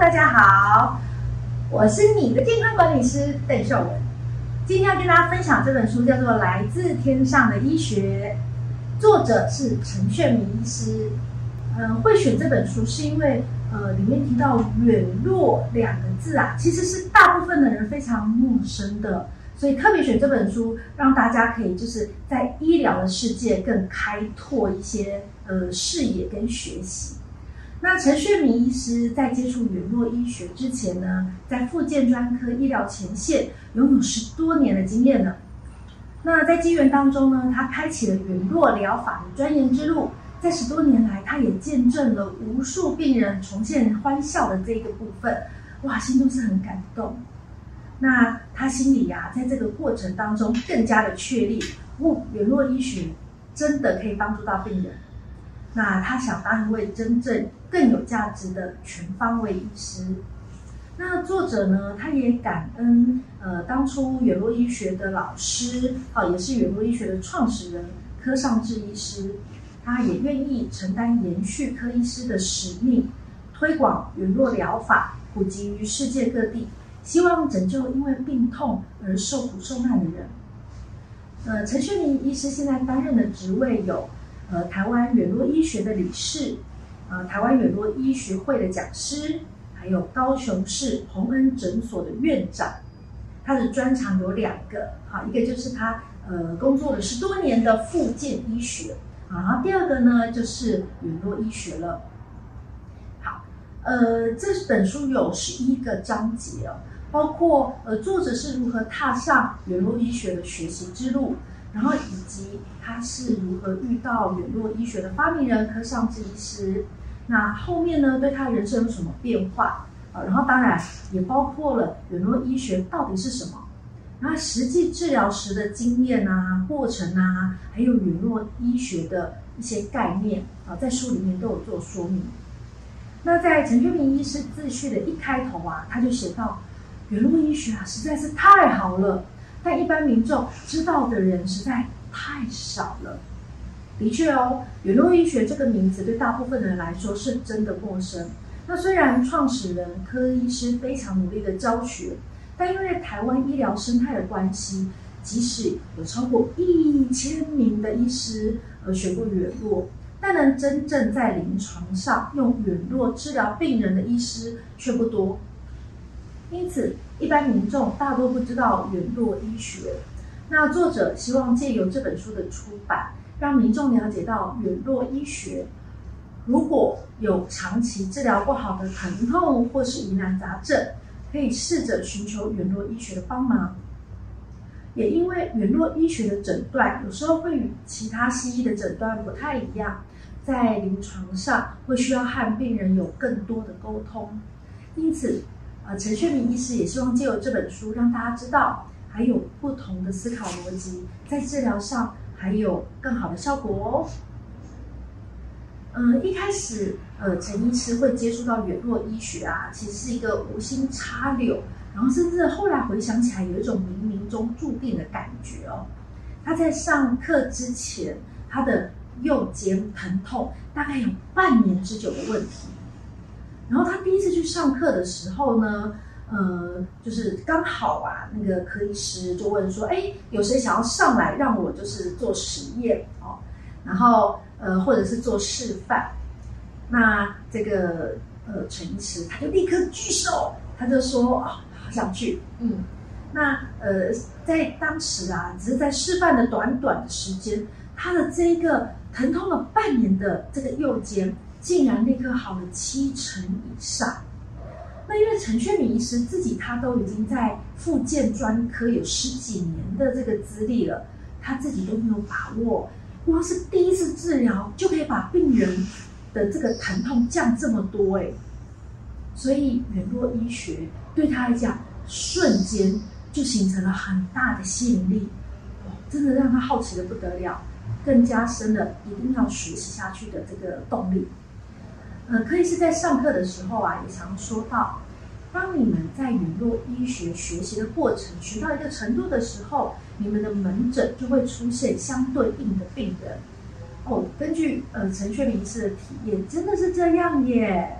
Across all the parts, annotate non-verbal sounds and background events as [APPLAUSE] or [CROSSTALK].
大家好，我是你的健康管理師鄧琇文。今天要跟大家分享這本書，叫做《來自天上的醫學》，作者是陳炫名醫師。嗯、呃，會選這本書是因為，呃，裡面提到“遠絡”兩個字啊，其實是大部分的人非常陌生的，所以特別選這本書，讓大家可以就是在醫療的世界更開拓一些呃視野跟學習。那陳炫名醫師在接觸遠絡醫學之前呢，在復健專科醫療前線擁有十多年的經驗了。那在機緣當中呢，他開啟了遠絡療法的鑽研之路。在十多年來，他也見證了無數病人重現歡笑的這個部分，哇，心中是很感動。那他心裡呀、啊，在這個過程當中更加的確立，哦，遠絡醫學真的可以幫助到病人。那他想當一位真正。更有價值的全方位醫師。那作者呢，他也感恩呃，當初遠絡醫學的老師，啊、哦，也是遠絡醫學的創始人柯尚志醫師，他也願意承擔延續柯醫師的使命，推廣遠絡療法，普及於世界各地，希望拯救因為病痛而受苦受難的人。呃，陳炫名醫師現在擔任的職位有，呃，台灣遠絡醫學的理事。啊、呃，台灣遠絡醫學會的講師，還有高雄市弘恩診所的院長，他的專長有兩個，好，一個就是他呃工作了十多年的復健醫學，然後第二個呢就是遠絡醫學了。好，呃，這本書有十一個章節、哦、包括呃作者是如何踏上遠絡醫學的學習之路，然後以及他是如何遇到遠絡醫學的發明人柯尚志醫師。那後面呢？對他人生有什麼變化啊？然後當然也包括了遠絡醫學到底是什麼，那實際治療時的經驗啊、過程啊，還有遠絡醫學的一些概念啊，在書裡面都有做說明。那在陳炫名醫師自序的一開頭啊，他就寫到：遠絡醫學啊實在是太好了，但一般民眾知道的人實在太少了。的確哦，遠絡醫學這個名字對大部分人來說是真的陌生。那雖然創始人柯醫師非常努力的教學，但因為台灣醫療生態的關係，即使有超過一千名的醫師呃學過遠絡，但能真正在臨床上用遠絡治療病人的醫師卻不多。因此，一般民眾大多不知道遠絡醫學。那作者希望借由這本書的出版，讓民眾了解到遠絡醫學，如果有長期治療不好的疼痛或是疑難雜症，可以試着尋求遠絡醫學的幫忙。也因為遠絡醫學的診斷有時候會與其他西醫的診斷不太一樣，在臨床上會需要和病人有更多的溝通。因此，啊、呃，陳炫名醫師也希望借由這本書讓大家知道，還有不同的思考邏輯在治療上。還有更好的效果哦。嗯，一開始，呃，陳醫師會接觸到遠絡醫學啊，其實是一個無心插柳，然後甚至後來回想起來，有一種冥冥中注定的感覺哦。他在上課之前，他的右肩疼痛大概有半年之久的問題，然後他第一次去上課的時候呢。嗯、呃，就是剛好啊，那個柯醫師就問說：“哎，有誰想要上來讓我就是做實驗哦？然後呃，或者是做示範？那這個呃，陳醫師他就立刻舉手，他就說啊，好想去。嗯，那呃，在當時啊，只是在示範的短短的時間，他的這一個疼痛了半年的這個右肩，竟然立刻好了七成以上。”那因為陳炫名醫師自己他都已經在復健專科有十幾年的這個資歷了，他自己都沒有把握，要是第一次治療就可以把病人的這個疼痛降這麼多哎、欸，所以遠絡醫學對他來講瞬間就形成了很大的吸引力，哇，真的讓他好奇的不得了，更加深了一定要學習下去的這個動力。呃，柯醫師在上課的時候啊，也常說到，當你們在遠絡醫學學習的過程學到一個程度的時候，你們的門診就會出現相對應的病人。哦，根據呃陳炫名醫師的體驗，真的是這樣耶。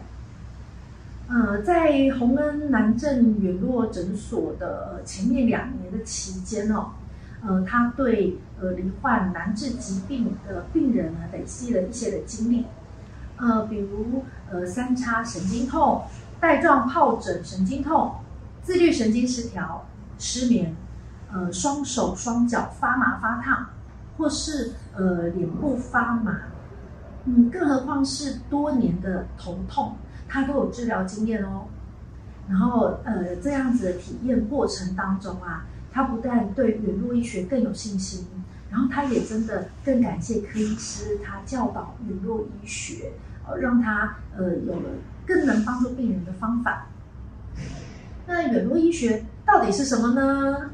呃，在洪恩南鎮遠絡診所的前面兩年的期間哦，呃，他對呃罹患難治疾病的病人啊，累積了一些的經歷。呃，比如呃三叉神經痛、帶狀疱疹神經痛、自律神經失調、失眠，呃雙手雙腳發麻發燙，或是呃臉部發麻，嗯，更何況是多年的頭痛，他都有治療經驗哦。然後呃這樣子的體驗過程當中啊，他不但對遠絡醫學更有信心，然後他也真的更感謝柯醫師他教導遠絡醫學。讓他呃有了更能幫助病人的方法。那遠絡醫學到底是什麼呢？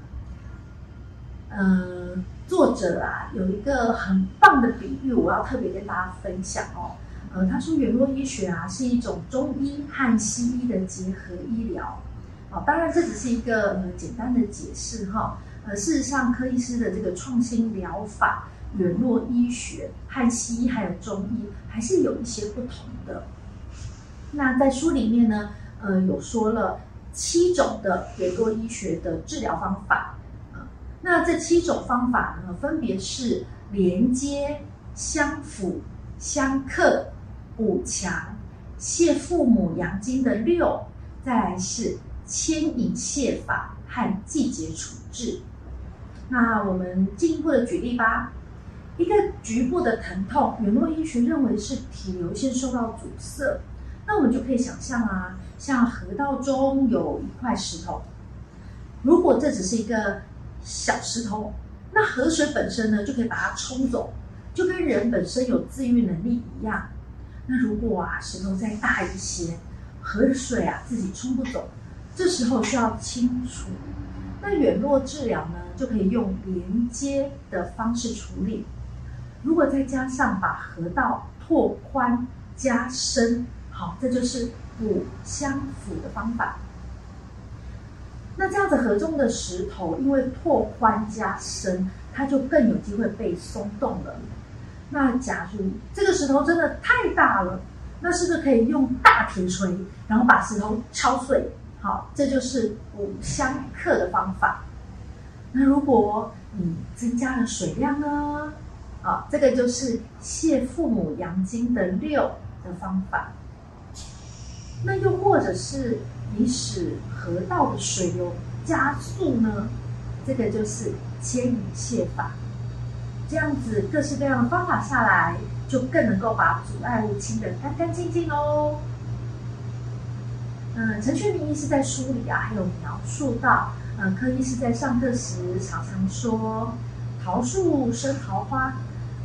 呃，作者啊有一個很棒的比喻，我要特別跟大家分享哦。呃，他說遠絡醫學啊是一種中醫和西醫的結合醫療。哦，當然這只是一個呃簡單的解釋哈。呃，事實上，柯醫師的這個創新療法。遠絡醫學和西醫還有中醫還是有一些不同的。那在書裡面呢，呃，有說了七種的遠絡醫學的治療方法。啊，那這七種方法呢，分別是連接、相輔、相剋、補強、瀉父母陽經的六，再來是牽引瀉法和季節處置。那我們進一步的舉例吧。一個局部的疼痛，遠絡醫學認為是體流線受到阻塞。那我們就可以想象啊，像河道中有一塊石頭。如果這只是一個小石頭，那河水本身呢就可以把它沖走，就跟人本身有自愈能力一樣。那如果啊石頭再大一些，河水啊自己沖不走，這時候需要清除。那遠絡治療呢就可以用連接的方式處理。如果再加上把河道拓寬加深，好，這就是補相輔的方法。那這樣子河中的石頭，因為拓寬加深，它就更有機會被鬆動了。那假如這個石頭真的太大了，那是不是可以用大鐵錘，然後把石頭敲碎？好，這就是補相克的方法。那如果你增加了水量呢？好，這個就是泄父母陽經的六的方法。那又或者是你使河道的水流、哦、加速呢？這個就是牽引泄法。這樣子各式各樣的方法下來，就更能夠把阻礙物清得干干淨淨哦。嗯、呃，陳炫名醫師在書裡啊，還有描述到，嗯、呃，柯醫師在上課時常常說，桃樹生桃花。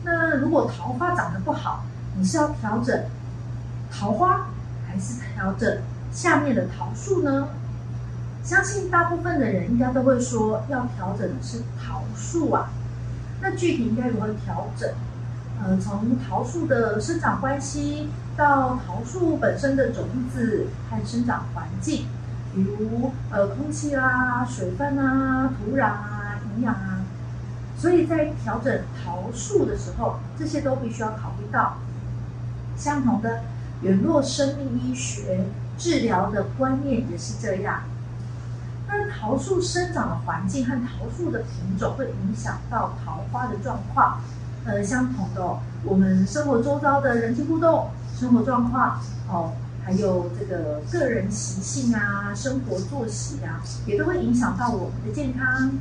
那如果桃花長得不好，你是要調整桃花，還是調整下面的桃樹呢？相信大部分的人應該都會說要調整的是桃樹啊。那具體應該如何調整？呃，從桃樹的生長關係到桃樹本身的種子和生長環境，比如呃空氣啊、水分啊、土壤啊、營養啊。所以在調整桃樹的時候，這些都必須要考慮到。相同的，遠絡生命醫學治療的觀念也是這樣。但桃樹生長的環境和桃樹的品種會影響到桃花的狀況。呃，相同的，我們生活周遭的人際互動、生活狀況，哦，還有這個個人習性啊、生活作息啊，也都會影響到我們的健康。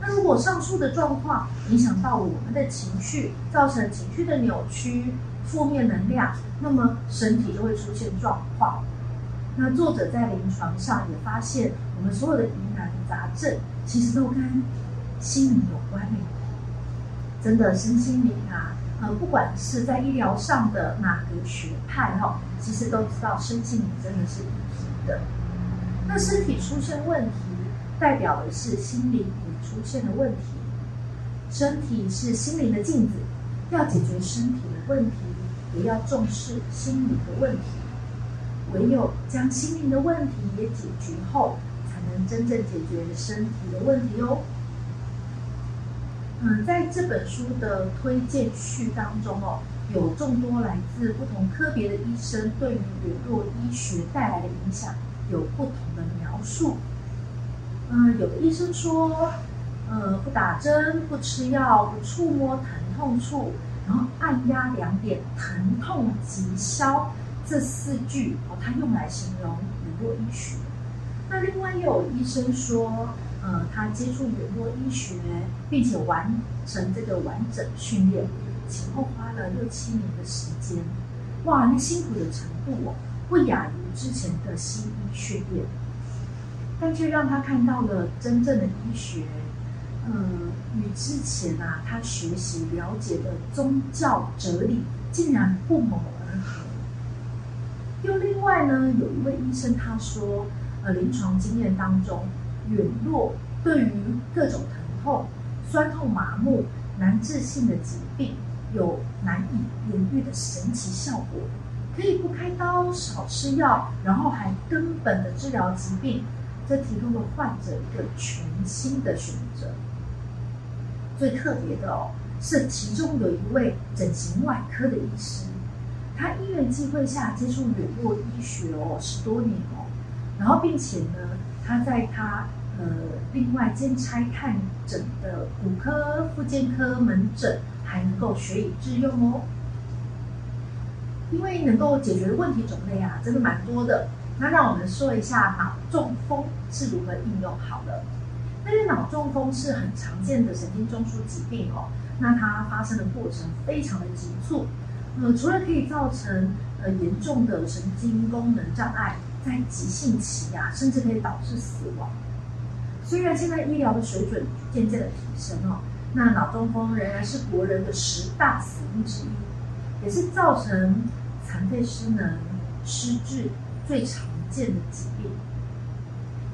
那如果上述的狀況影響到我們的情緒，造成情緒的扭曲、負面能量，那麼身體就會出現狀況。那作者在臨床上也發現，我們所有的疑難雜症其實都跟心理有關係、欸。真的，身心靈啊，呃，不管是在醫療上的哪個學派哦，其實都知道身心靈真的是一體的。那身體出現問題，代表的是心靈裡出現的問題，身體是心靈的鏡子，要解決身體的問題，也要重視心靈的問題，唯有將心靈的問題也解決後，才能真正解決身體的問題哦。嗯，在這本書的推薦序當中哦，有眾多來自不同科別的醫生對於遠絡醫學帶來的影響有不同的描述。嗯、呃，有的醫生說，呃，不打針、不吃藥、不觸摸疼痛處，然後按壓兩點，疼痛即消，這四句哦，他用來形容遠絡醫學。那另外又有醫生說，呃，他接觸遠絡醫學，並且完成這個完整訓練，前後花了六七年的時間，哇，那辛苦的程度哦、啊，不亞於之前的西醫訓練。但卻讓他看到了真正的醫學，呃，與之前啊他學習了解的宗教哲理竟然不謀而合。又另外呢，有一位醫生他說，呃，臨床經驗當中，遠絡對於各種疼痛、痠痛、麻木、難治性的疾病，有難以言喻的神奇效果，可以不開刀、少吃藥，然後還根本的治療疾病。這提供了患者一個全新的選擇。最特別的哦，是其中有一位整形外科的醫師，他因緣際會下接觸遠絡醫學哦，十多年哦，然後並且呢，他在他呃另外兼差看診的骨科、復健科門診，還能夠學以致用哦，因為能夠解決的問題種類啊，真的蠻多的。那讓我們說一下腦中風是如何應用好的。因那些腦中風是很常見的神經中樞疾病哦。那它發生的過程非常的急促。呃，除了可以造成呃嚴重的神經功能障礙，在急性期呀、啊，甚至可以導致死亡。雖然現在醫療的水準漸漸的提升哦，那腦中風仍然是國人的十大死因之一，也是造成殘廢失能失智最常健的疾病，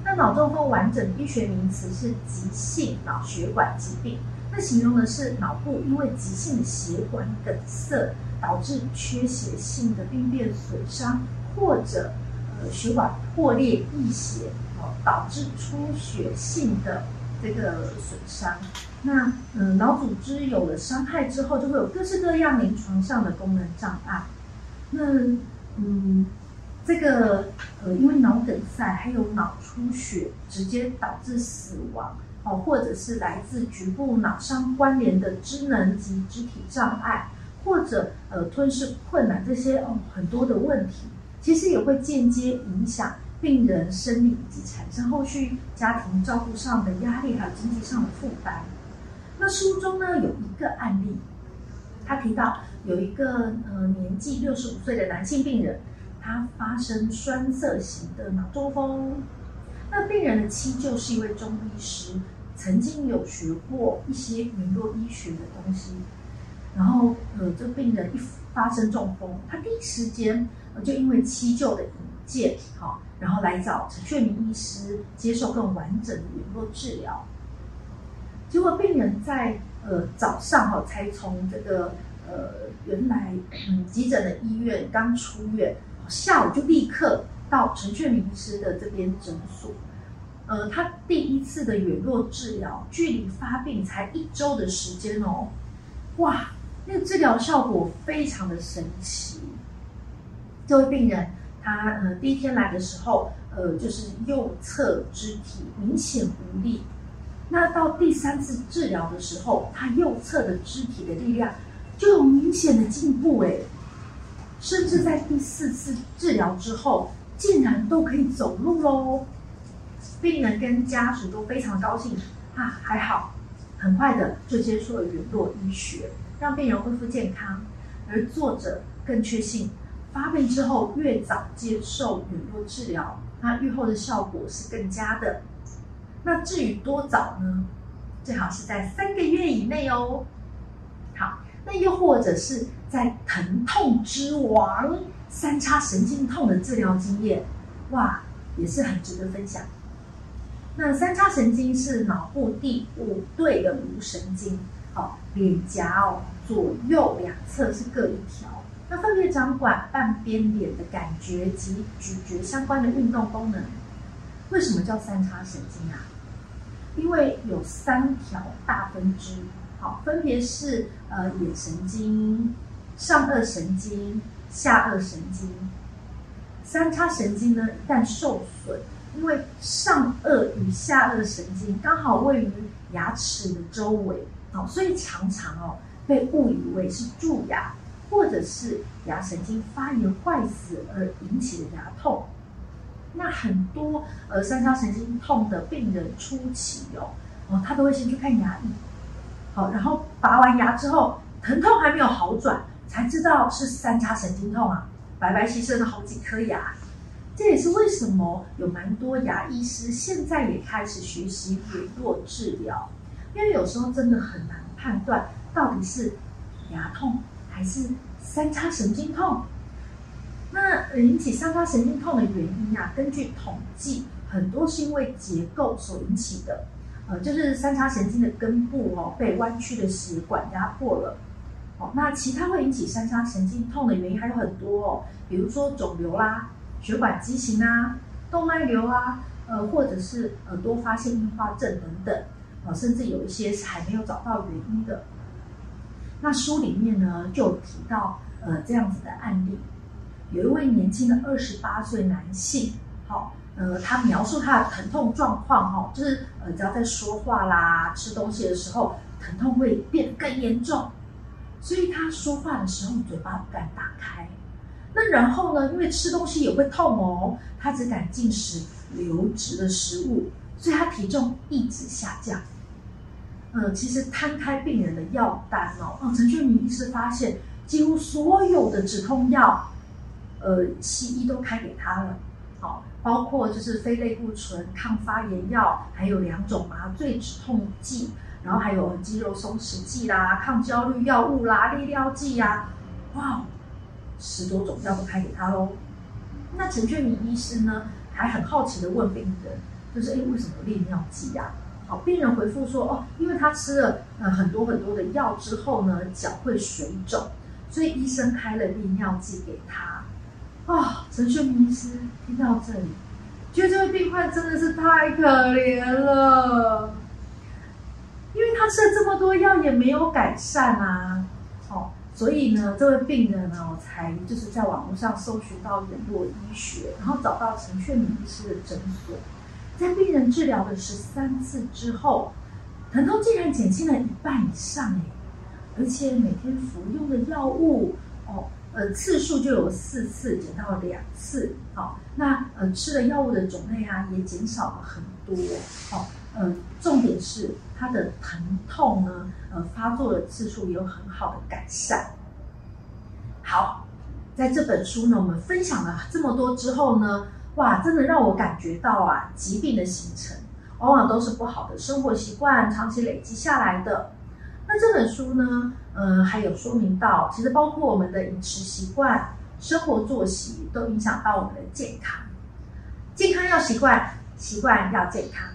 那腦中風完整醫學名詞是急性腦血管疾病。那形容的是腦部因為急性血管梗塞導致缺血性的病變損傷，或者呃血管破裂溢血哦，導致出血性的這個損傷。那嗯，腦組織有了傷害之後，就會有各式各樣臨床上的功能障礙。那嗯。這個呃，因為腦梗塞還有腦出血，直接導致死亡哦，或者是來自局部腦傷關聯的智能及肢體障礙，或者呃吞噬困難這些哦很多的問題，其實也會間接影響病人生理以及產生後續家庭照顧上的壓力還有經濟上的負擔。那書中呢，有一個案例，他提到有一個呃年紀六十五歲的男性病人。他發生栓塞型的腦中風，那病人的妻舅是一位中醫師，曾經有學過一些遠絡醫學的東西，然後呃，這病人一發生中風，他第一時間就因為妻舅的引薦哈，然後來找陳炫名醫師接受更完整的遠絡治療，結果病人在呃早上哈，才從這個呃原來 [COUGHS] 急診的醫院剛出院。下午就立刻到陳炫名醫師的這邊診所，呃，他第一次的遠絡治療，距離發病才一周的時間哦，哇，那個治療效果非常的神奇。這位病人，他呃第一天來的時候，呃就是右側肢體明顯無力，那到第三次治療的時候，他右側的肢體的力量就有明顯的進步誒，哎。甚至在第四次治療之後，竟然都可以走路嘍！病人跟家屬都非常高興啊，還好，很快的就接受了遠絡醫學，讓病人恢復健康，而作者更確信，發病之後越早接受遠絡治療，那預後的效果是更佳的。那至於多早呢？最好是在三個月以內哦。好。那又或者是在疼痛之王三叉神經痛的治療經驗，哇，也是很值得分享。那三叉神經是腦部第五對的顱神經，好，臉頰哦左右兩側是各一條，那分別掌管半邊臉的感覺及咀嚼相關的運動功能。為什麼叫三叉神經啊？因為有三條大分支。好，分別是呃眼神經、上顎神經、下顎神經。三叉神經呢，一旦受損，因為上顎與下顎神經剛好位於牙齒的周圍，哦，所以常常哦被誤以為是蛀牙，或者是牙神經發炎壞死而引起的牙痛。那很多呃三叉神經痛的病人初期哦哦，他都會先去看牙醫。好，然後拔完牙之後，疼痛還沒有好轉，才知道是三叉神經痛啊，白白犧牲了好幾顆牙。這也是為什麼有蠻多牙醫師現在也開始學習遠絡治療，因為有時候真的很難判斷到底是牙痛還是三叉神經痛。那引起三叉神經痛的原因啊，根據統計，很多是因為結構所引起的。呃，就是三叉神經的根部哦，被彎曲的食管壓迫了哦。那其他會引起三叉神經痛的原因還有很多哦，比如說腫瘤啦、啊、血管畸形啊、動脈瘤啊，呃，或者是多發性硬化症等等哦。甚至有一些是還沒有找到原因的。那書裡面呢，就提到呃這樣子的案例，有一位年輕的二十八歲男性，好哦。呃，他描述他的疼痛狀況，哦，就是呃，只要在說話啦、吃東西的時候，疼痛會變得更嚴重，所以他說話的時候嘴巴不敢打開。那然後呢，因為吃東西也會痛哦，他只敢進食流質的食物，所以他體重一直下降。呃，其實攤開病人的藥單哦，陳炫名醫師發現，幾乎所有的止痛藥，呃，西醫都開給他了。包括就是非類固醇抗發炎藥，還有兩種麻醉止痛劑，然後還有肌肉鬆弛劑啦、抗焦慮藥物啦、利尿劑呀、啊，哇，十多種藥都開給他嘍。那陳炫名醫師呢，還很好奇的問病人，就是誒、哎、為什麼利尿劑呀、啊？好，病人回復說，哦，因為他吃了呃很多很多的藥之後呢，腳會水腫，所以醫生開了利尿劑給他。啊，陳炫名醫師聽到這裡，覺得這個病患真的是太可憐了，因為他吃了這麼多藥也沒有改善啊，哦，所以呢，這位病人呢、哦、才就是在網絡上搜尋到遠絡醫學，然後找到陳炫名醫師的診所，在病人治療了十三次之後，疼痛竟然減輕了一半以上哎，而且每天服用的藥物哦。呃，次數就有四次，減到兩次，好、哦，那呃，吃的藥物的種類啊，也減少了很多，好、哦，嗯、呃，重點是它的疼痛呢，呃，發作的次數有很好的改善。好，在這本書呢，我們分享了這麼多之後呢，哇，真的讓我感覺到啊，疾病的形成往往都是不好的生活習慣長期累積下來的。這本書呢，呃，還有說明到，其實包括我們的飲食習慣、生活作息，都影響到我們的健康。健康要習慣，習慣要健康。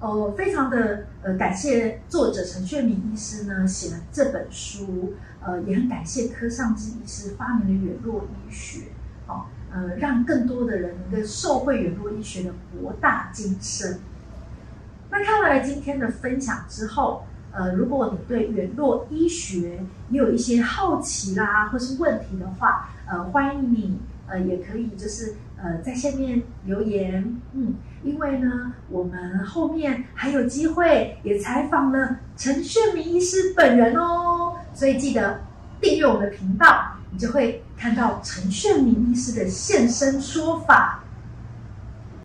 哦、呃，非常的，呃，感謝作者陳炫名醫師呢寫了這本書，呃，也很感謝柯尚志醫師發明的遠絡醫學、哦，呃，讓更多的人能夠受惠遠絡醫學的博大精深。那看完了今天的分享之後，呃，如果你對遠絡醫學也有一些好奇啦，或是問題的話，呃，歡迎你，呃，也可以就是呃在下面留言，嗯，因為呢，我們後面還有機會也採訪了陳炫名醫師本人哦，所以記得訂閱我們的頻道，你就會看到陳炫名醫師的現身說法。